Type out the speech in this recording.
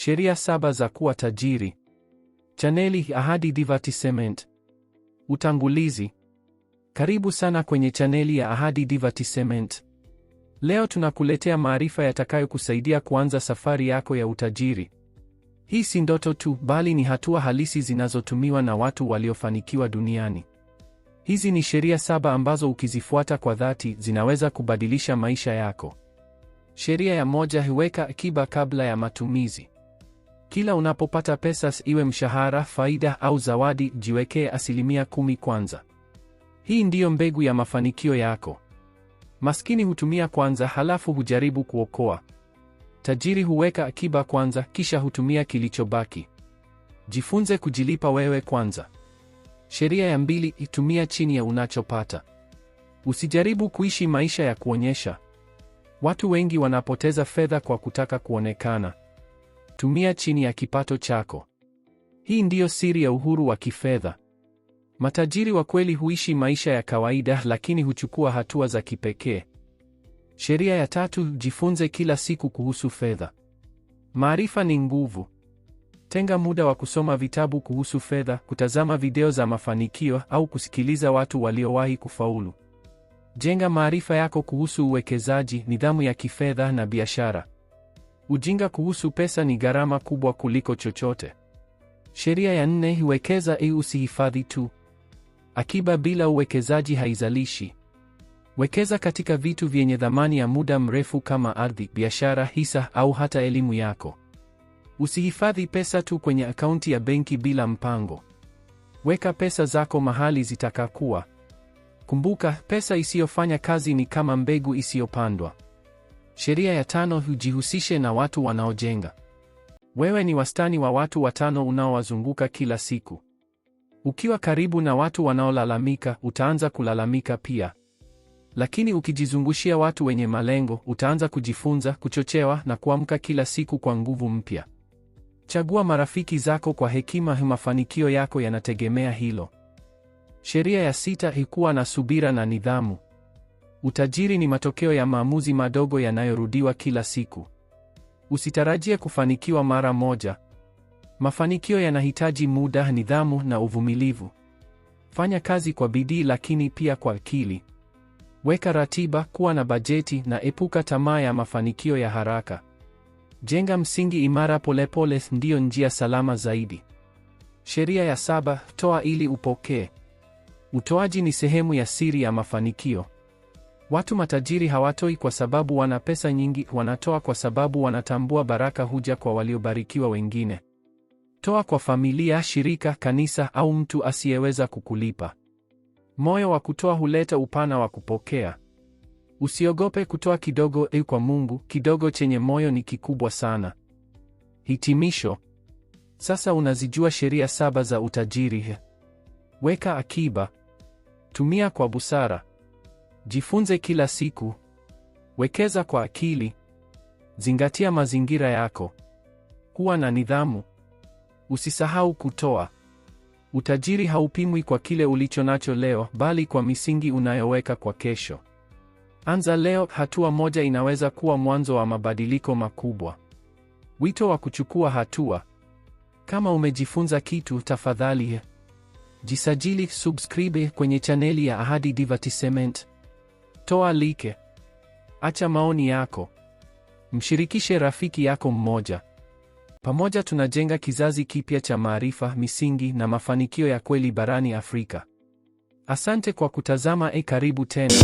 Sheria saba za kuwa tajiri. Chaneli Ahadi Divertisement. Utangulizi. Karibu sana kwenye chaneli ya Ahadi Divertisement. Leo tunakuletea maarifa yatakayokusaidia kuanza safari yako ya utajiri. Hii si ndoto tu, bali ni hatua halisi zinazotumiwa na watu waliofanikiwa duniani. Hizi ni sheria saba ambazo ukizifuata kwa dhati zinaweza kubadilisha maisha yako. Sheria ya moja: weka akiba kabla ya matumizi. Kila unapopata pesa, iwe mshahara, faida au zawadi, jiwekee asilimia kumi kwanza. Hii ndiyo mbegu ya mafanikio yako. Maskini hutumia kwanza, halafu hujaribu kuokoa. Tajiri huweka akiba kwanza, kisha hutumia kilichobaki. Jifunze kujilipa wewe kwanza. Sheria ya mbili: itumia chini ya unachopata. Usijaribu kuishi maisha ya kuonyesha. Watu wengi wanapoteza fedha kwa kutaka kuonekana. Tumia chini ya kipato chako. Hii ndiyo siri ya uhuru wa kifedha. Matajiri wa kweli huishi maisha ya kawaida lakini huchukua hatua za kipekee. Sheria ya tatu, jifunze kila siku kuhusu fedha. Maarifa ni nguvu. Tenga muda wa kusoma vitabu kuhusu fedha, kutazama video za mafanikio au kusikiliza watu waliowahi kufaulu. Jenga maarifa yako kuhusu uwekezaji, nidhamu ya kifedha na biashara. Ujinga kuhusu pesa ni gharama kubwa kuliko chochote. Sheria ya nne: hiwekeza ili usihifadhi tu. Akiba bila uwekezaji haizalishi. Wekeza katika vitu vyenye dhamani ya muda mrefu kama ardhi, biashara, hisa au hata elimu yako. Usihifadhi pesa tu kwenye akaunti ya benki bila mpango. Weka pesa zako mahali zitakakuwa. Kumbuka, pesa isiyofanya kazi ni kama mbegu isiyopandwa. Sheria ya tano hujihusishe na watu wanaojenga. Wewe ni wastani wa watu watano unaowazunguka kila siku. Ukiwa karibu na watu wanaolalamika, utaanza kulalamika pia. Lakini ukijizungushia watu wenye malengo, utaanza kujifunza, kuchochewa na kuamka kila siku kwa nguvu mpya. Chagua marafiki zako kwa hekima, mafanikio yako yanategemea hilo. Sheria ya sita: hikuwa na subira na nidhamu. Utajiri ni matokeo ya maamuzi madogo yanayorudiwa kila siku. Usitarajie kufanikiwa mara moja. Mafanikio yanahitaji muda, nidhamu na uvumilivu. Fanya kazi kwa bidii lakini pia kwa akili. Weka ratiba, kuwa na bajeti na epuka tamaa ya mafanikio ya haraka. Jenga msingi imara polepole pole, ndiyo njia salama zaidi. Sheria ya saba: toa ili upokee. Utoaji ni sehemu ya siri ya mafanikio. Watu matajiri hawatoi kwa sababu wana pesa nyingi, wanatoa kwa sababu wanatambua baraka huja kwa waliobarikiwa wengine. Toa kwa familia, shirika, kanisa au mtu asiyeweza kukulipa. Moyo wa kutoa huleta upana wa kupokea. Usiogope kutoa kidogo, e, kwa Mungu kidogo chenye moyo ni kikubwa sana. Hitimisho. Sasa unazijua sheria saba za utajiri. Weka akiba. Tumia kwa busara. Jifunze kila siku. Wekeza kwa akili. Zingatia mazingira yako. Kuwa na nidhamu. Usisahau kutoa. Utajiri haupimwi kwa kile ulicho nacho leo, bali kwa misingi unayoweka kwa kesho. Anza leo, hatua moja inaweza kuwa mwanzo wa mabadiliko makubwa. Wito wa kuchukua hatua. Kama umejifunza kitu, tafadhali jisajili, subscribe kwenye chaneli ya Ahadi divertissement Toa like, acha maoni yako, mshirikishe rafiki yako mmoja. Pamoja tunajenga kizazi kipya cha maarifa, misingi na mafanikio ya kweli barani Afrika. Asante kwa kutazama. E, karibu tena.